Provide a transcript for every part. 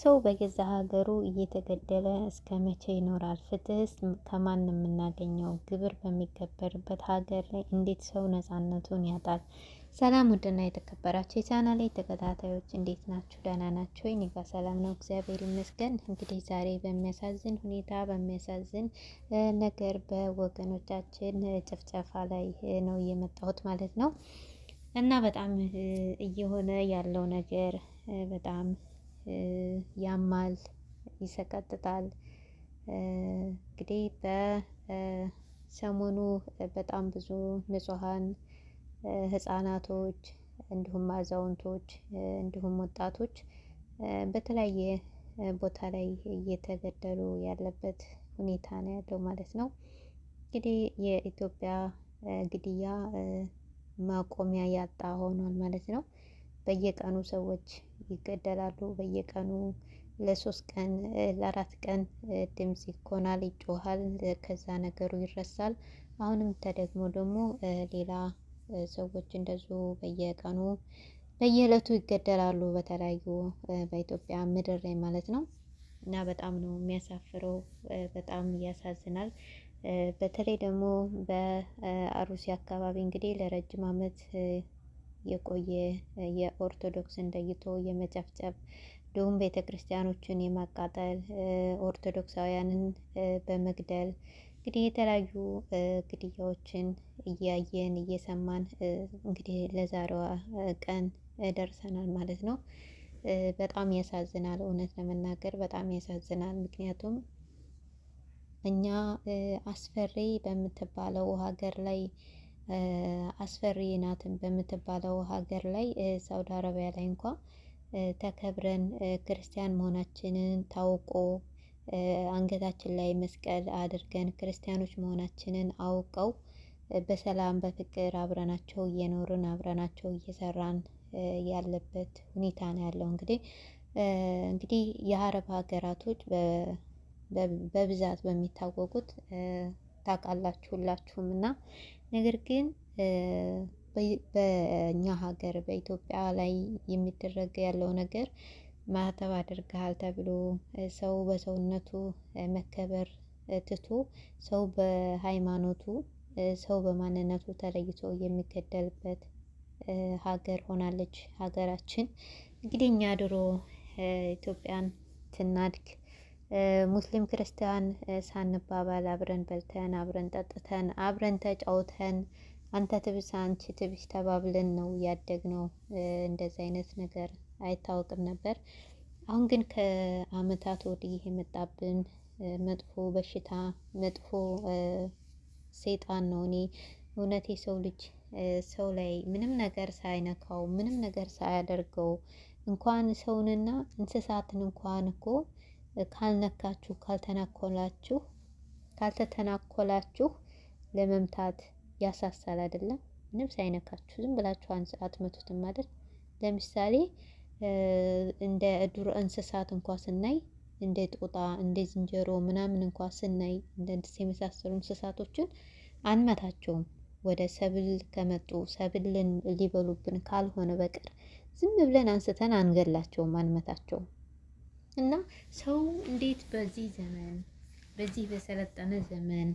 ሰው በገዛ ሀገሩ እየተገደለ እስከ መቼ ይኖራል? ፍትህስ ከማን የምናገኘው? ግብር በሚከበርበት ሀገር ላይ እንዴት ሰው ነጻነቱን ያጣል? ሰላም ውድና የተከበራችሁ የቻናሌ ተከታታዮች እንዴት ናችሁ? ደህና ናችሁ እኔ ጋር ሰላም ነው፣ እግዚአብሔር ይመስገን። እንግዲህ ዛሬ በሚያሳዝን ሁኔታ በሚያሳዝን ነገር በወገኖቻችን ጭፍጨፋ ላይ ነው የመጣሁት ማለት ነው እና በጣም እየሆነ ያለው ነገር በጣም ያማል፣ ይሰቀጥጣል። እንግዲህ በሰሞኑ በጣም ብዙ ንጹሐን ህጻናቶች እንዲሁም አዛውንቶች እንዲሁም ወጣቶች በተለያየ ቦታ ላይ እየተገደሉ ያለበት ሁኔታ ነው ያለው ማለት ነው። እንግዲህ የኢትዮጵያ ግድያ ማቆሚያ ያጣ ሆኗል ማለት ነው። በየቀኑ ሰዎች ይገደላሉ። በየቀኑ ለሶስት ቀን ለአራት ቀን ድምፅ ይኮናል፣ ይጮሃል። ከዛ ነገሩ ይረሳል። አሁንም ተደግሞ ደግሞ ሌላ ሰዎች እንደዙ በየቀኑ በየዕለቱ ይገደላሉ፣ በተለያዩ በኢትዮጵያ ምድር ላይ ማለት ነው። እና በጣም ነው የሚያሳፍረው፣ በጣም ያሳዝናል። በተለይ ደግሞ በአሩሲ አካባቢ እንግዲህ ለረጅም ዓመት የቆየ የኦርቶዶክስን ለይቶ የመጨፍጨፍ እንዲሁም ቤተ ክርስቲያኖችን የማቃጠል ኦርቶዶክሳውያንን በመግደል እንግዲህ የተለያዩ ግድያዎችን እያየን እየሰማን እንግዲህ ለዛሬዋ ቀን ደርሰናል ማለት ነው። በጣም ያሳዝናል። እውነት ለመናገር በጣም ያሳዝናል። ምክንያቱም እኛ አስፈሪ በምትባለው ሀገር ላይ አስፈሪ ናትን በምትባለው ሀገር ላይ ሳውዲ አረቢያ ላይ እንኳ ተከብረን ክርስቲያን መሆናችንን ታውቆ አንገታችን ላይ መስቀል አድርገን ክርስቲያኖች መሆናችንን አውቀው በሰላም በፍቅር አብረናቸው እየኖርን አብረናቸው እየሰራን ያለበት ሁኔታ ነው ያለው። እንግዲህ እንግዲህ የአረብ ሀገራቶች በብዛት በሚታወቁት ታውቃላችሁ ሁላችሁም እና ነገር ግን በእኛ ሀገር በኢትዮጵያ ላይ የሚደረግ ያለው ነገር ማህተብ አድርገሃል ተብሎ ሰው በሰውነቱ መከበር ትቶ ሰው በሃይማኖቱ ሰው በማንነቱ ተለይቶ የሚገደልበት ሀገር ሆናለች ሀገራችን። እንግዲህ እኛ ድሮ ኢትዮጵያን ስናድግ ሙስሊም ክርስቲያን ሳንባባል አብረን በልተን አብረን ጠጥተን አብረን ተጫውተን አንተ ትብስ አንቺ ትብስ ተባብለን ነው ያደግነው። እንደዚ አይነት ነገር አይታወቅም ነበር። አሁን ግን ከአመታት ወዲህ የመጣብን መጥፎ በሽታ መጥፎ ሰይጣን ነው። እኔ እውነት የሰው ልጅ ሰው ላይ ምንም ነገር ሳይነካው ምንም ነገር ሳያደርገው እንኳን ሰውንና እንስሳትን እንኳን እኮ ካልነካችሁ ካልተናኮላችሁ ካልተተናኮላችሁ ለመምታት ያሳሳል አይደለም። ምንም ሳይነካችሁ ዝም ብላችሁ አትመቱትም ማለት ለምሳሌ እንደ ዱር እንስሳት እንኳ ስናይ እንደ ጦጣ፣ እንደ ዝንጀሮ ምናምን እንኳ ስናይ እንደዚህ የመሳሰሉ እንስሳቶችን አንመታቸውም። ወደ ሰብል ከመጡ ሰብልን ሊበሉብን ካልሆነ በቀር ዝም ብለን አንስተን አንገላቸውም፣ አንመታቸውም። እና ሰው እንዴት በዚህ ዘመን በዚህ በሰለጠነ ዘመን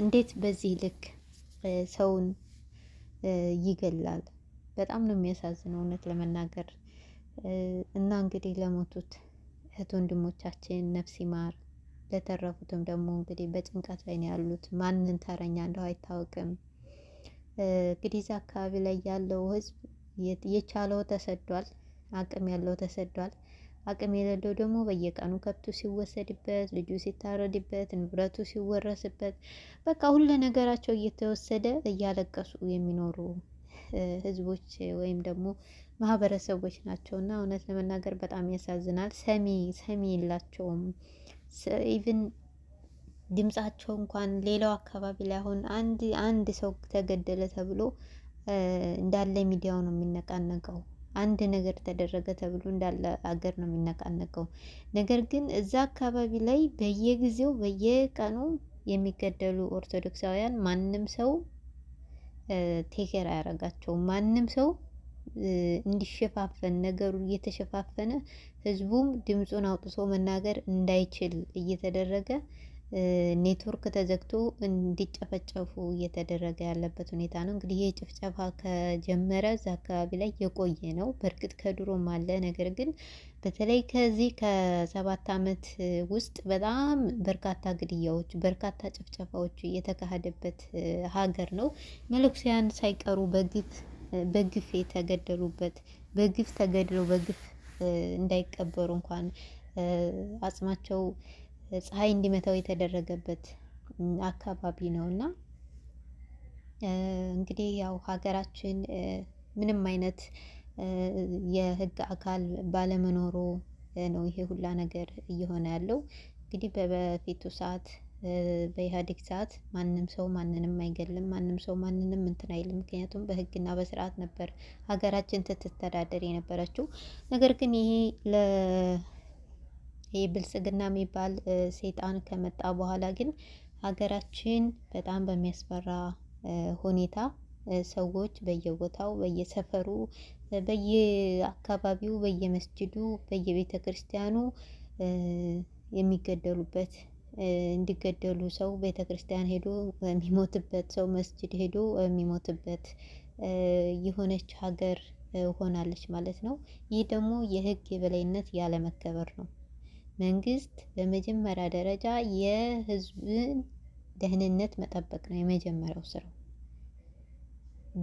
እንዴት በዚህ ልክ ሰውን ይገላል? በጣም ነው የሚያሳዝነው እውነት ለመናገር እና እንግዲህ ለሞቱት እህት ወንድሞቻችን ነፍስ ይማር። ለተረፉትም ደግሞ እንግዲህ በጭንቀት ላይ ነው ያሉት። ማንን ተረኛ እንደው አይታወቅም። እንግዲህ እዚያ አካባቢ ላይ ያለው ህዝብ የቻለው ተሰዷል፣ አቅም ያለው ተሰዷል። አቅም የሌለው ደግሞ በየቀኑ ከብቱ ሲወሰድበት፣ ልጁ ሲታረድበት፣ ንብረቱ ሲወረስበት፣ በቃ ሁሉ ነገራቸው እየተወሰደ እያለቀሱ የሚኖሩ ህዝቦች ወይም ደግሞ ማህበረሰቦች ናቸው እና እውነት ለመናገር በጣም ያሳዝናል። ሰሚ ሰሚ የላቸውም። ኢቭን ድምጻቸው እንኳን ሌላው አካባቢ ላይ አሁን አንድ አንድ ሰው ተገደለ ተብሎ እንዳለ ሚዲያው ነው የሚነቃነቀው። አንድ ነገር ተደረገ ተብሎ እንዳለ አገር ነው የሚነቃነቀው። ነገር ግን እዛ አካባቢ ላይ በየጊዜው በየቀኑ የሚገደሉ ኦርቶዶክሳውያን ማንም ሰው ቴኬር አያረጋቸው። ማንም ሰው እንዲሸፋፈን ነገሩ እየተሸፋፈነ ህዝቡም ድምፁን አውጥቶ መናገር እንዳይችል እየተደረገ ኔትወርክ ተዘግቶ እንዲጨፈጨፉ እየተደረገ ያለበት ሁኔታ ነው። እንግዲህ ይህ ጭፍጨፋ ከጀመረ እዛ አካባቢ ላይ የቆየ ነው። በእርግጥ ከድሮም አለ። ነገር ግን በተለይ ከዚህ ከሰባት ዓመት ውስጥ በጣም በርካታ ግድያዎች፣ በርካታ ጭፍጨፋዎች የተካሄደበት ሀገር ነው። መለኩሲያን ሳይቀሩ በግፍ የተገደሉበት በግፍ ተገድለው በግፍ እንዳይቀበሩ እንኳን አጽማቸው ፀሐይ እንዲመታው የተደረገበት አካባቢ ነው እና እንግዲህ ያው ሀገራችን ምንም አይነት የህግ አካል ባለመኖሩ ነው ይሄ ሁላ ነገር እየሆነ ያለው። እንግዲህ በበፊቱ ሰዓት በኢህአዴግ ሰዓት ማንም ሰው ማንንም አይገልም፣ ማንም ሰው ማንንም እንትን አይልም። ምክንያቱም በህግና በስርዓት ነበር ሀገራችን ስትተዳደር የነበረችው። ነገር ግን ይሄ ለ ይህ ብልጽግና የሚባል ሰይጣን ከመጣ በኋላ ግን ሀገራችን በጣም በሚያስፈራ ሁኔታ ሰዎች በየቦታው በየሰፈሩ በየአካባቢው በየመስጅዱ በየቤተ ክርስቲያኑ የሚገደሉበት እንዲገደሉ ሰው ቤተ ክርስቲያን ሄዶ የሚሞትበት ሰው መስጅድ ሄዶ የሚሞትበት የሆነች ሀገር ሆናለች ማለት ነው። ይህ ደግሞ የህግ የበላይነት ያለመከበር ነው። መንግስት በመጀመሪያ ደረጃ የህዝብን ደህንነት መጠበቅ ነው የመጀመሪያው ስራው።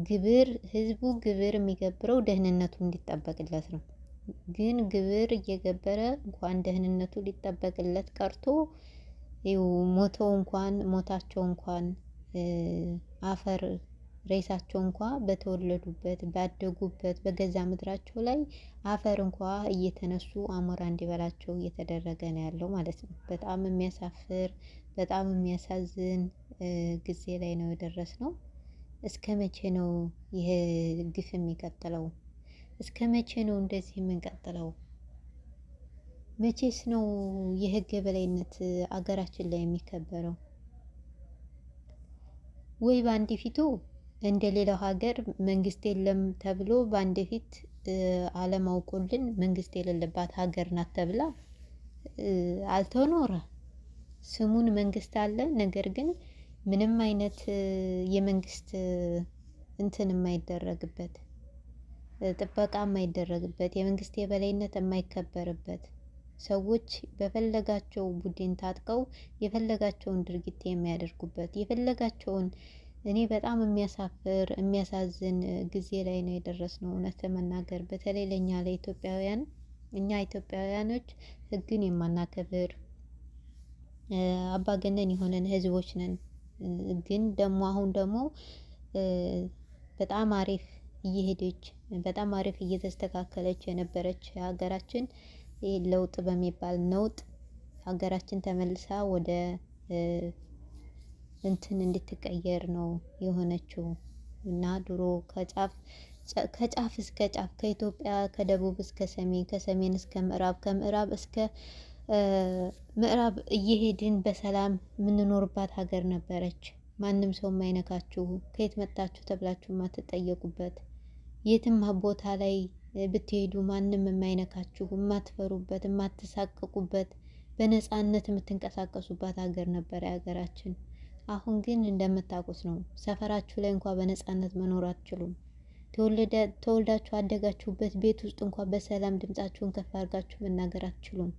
ግብር ህዝቡ ግብር የሚገብረው ደህንነቱ እንዲጠበቅለት ነው። ግን ግብር እየገበረ እንኳን ደህንነቱ ሊጠበቅለት ቀርቶ ሞተው እንኳን ሞታቸው እንኳን አፈር ሬሳቸው እንኳ በተወለዱበት ባደጉበት በገዛ ምድራቸው ላይ አፈር እንኳ እየተነሱ አሞራ እንዲበላቸው እየተደረገ ነው ያለው ማለት ነው። በጣም የሚያሳፍር በጣም የሚያሳዝን ጊዜ ላይ ነው ነው። እስከ መቼ ነው ይሄ ግፍ የሚቀጥለው? እስከ መቼ ነው እንደዚህ የምንቀጥለው? መቼስ ነው የህግ የበላይነት አገራችን ላይ የሚከበረው? ወይ በአንድ ፊቱ እንደ ሌላው ሀገር መንግስት የለም ተብሎ በአንድ ፊት አለማውቁልን መንግስት የሌለባት ሀገር ናት ተብላ አልተኖረ። ስሙን መንግስት አለ፣ ነገር ግን ምንም አይነት የመንግስት እንትን የማይደረግበት ጥበቃ የማይደረግበት የመንግስት የበላይነት የማይከበርበት ሰዎች በፈለጋቸው ቡድን ታጥቀው የፈለጋቸውን ድርጊት የሚያደርጉበት የፈለጋቸውን እኔ በጣም የሚያሳፍር የሚያሳዝን ጊዜ ላይ ነው የደረስነው። እውነት ለመናገር በተለይ ለእኛ ለኢትዮጵያውያን እኛ ኢትዮጵያውያኖች ህግን የማናከብር አምባገነን የሆነን ህዝቦች ነን። ግን ደግሞ አሁን ደግሞ በጣም አሪፍ እየሄደች በጣም አሪፍ እየተስተካከለች የነበረች ሀገራችን ለውጥ በሚባል ነውጥ ሀገራችን ተመልሳ ወደ እንትን እንድትቀየር ነው የሆነችው እና ድሮ ከጫፍ ከጫፍ እስከ ጫፍ ከኢትዮጵያ ከደቡብ እስከ ሰሜን ከሰሜን እስከ ምዕራብ ከምዕራብ እስከ ምዕራብ እየሄድን በሰላም የምንኖርባት ሀገር ነበረች። ማንም ሰው የማይነካችሁ ከየት መጣችሁ ተብላችሁ የማትጠየቁበት የትም ቦታ ላይ ብትሄዱ ማንም የማይነካችሁ የማትፈሩበት የማትሳቀቁበት በነፃነት የምትንቀሳቀሱባት ሀገር ነበረ ሀገራችን። አሁን ግን እንደምታውቁት ነው፣ ሰፈራችሁ ላይ እንኳ በነጻነት መኖር አትችሉም። ተወልዳችሁ አደጋችሁበት ቤት ውስጥ እንኳ በሰላም ድምጻችሁን ከፍ አድርጋችሁ መናገር አትችሉም።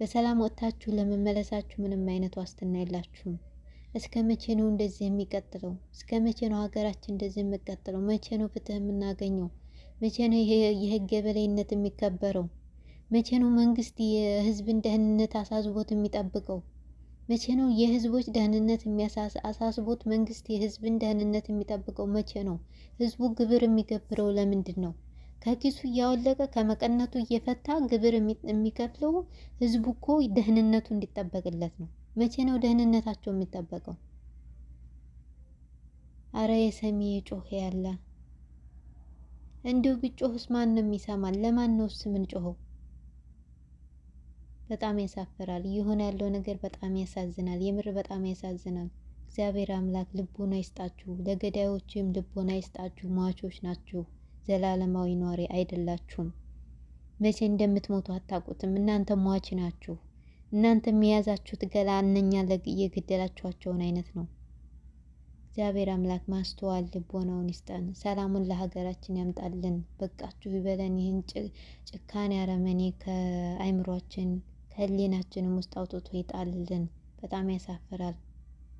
በሰላም ወጥታችሁ ለመመለሳችሁ ምንም አይነት ዋስትና የላችሁም። እስከ መቼ ነው እንደዚህ የሚቀጥለው? እስከ መቼ ነው ሀገራችን እንደዚህ የሚቀጥለው? መቼ ነው ፍትህ የምናገኘው? መቼ ነው የህግ የበላይነት የሚከበረው? መቼ ነው መንግስት የህዝብን ደህንነት አሳዝቦት የሚጠብቀው? መቼ ነው የህዝቦች ደህንነት የሚያሳስቦት? መንግስት የህዝብን ደህንነት የሚጠብቀው መቼ ነው? ህዝቡ ግብር የሚገብረው ለምንድን ነው? ከኪሱ እያወለቀ ከመቀነቱ እየፈታ ግብር የሚከፍለው ህዝቡ እኮ ደህንነቱ እንዲጠበቅለት ነው። መቼ ነው ደህንነታቸው የሚጠበቀው? አረ የሰሚ ጮህ ያለ እንዲሁ ቢጮህስ ማን ነው የሚሰማን? ለማን ነው ስምን ጮኸው? በጣም ያሳፍራል። እየሆነ ያለው ነገር በጣም ያሳዝናል። የምር በጣም ያሳዝናል። እግዚአብሔር አምላክ ልቦና ይስጣችሁ፣ ለገዳዮችም ልቦና ይስጣችሁ። ሟቾች ናችሁ፣ ዘላለማዊ ኗሪ አይደላችሁም። መቼ እንደምትሞቱ አታውቁትም። እናንተ ሟች ናችሁ። እናንተ የያዛችሁት ገላ እነኛ የገደላችኋቸውን አይነት ነው። እግዚአብሔር አምላክ ማስተዋል ልቦናውን ይስጠን፣ ሰላሙን ለሀገራችን ያምጣልን። በቃችሁ ይበለን። ይህን ጭካኔ አረመኔ ከአይምሯችን ህሊናችንም ውስጥ አውጥቶ ይጣልልን። በጣም ያሳፍራል።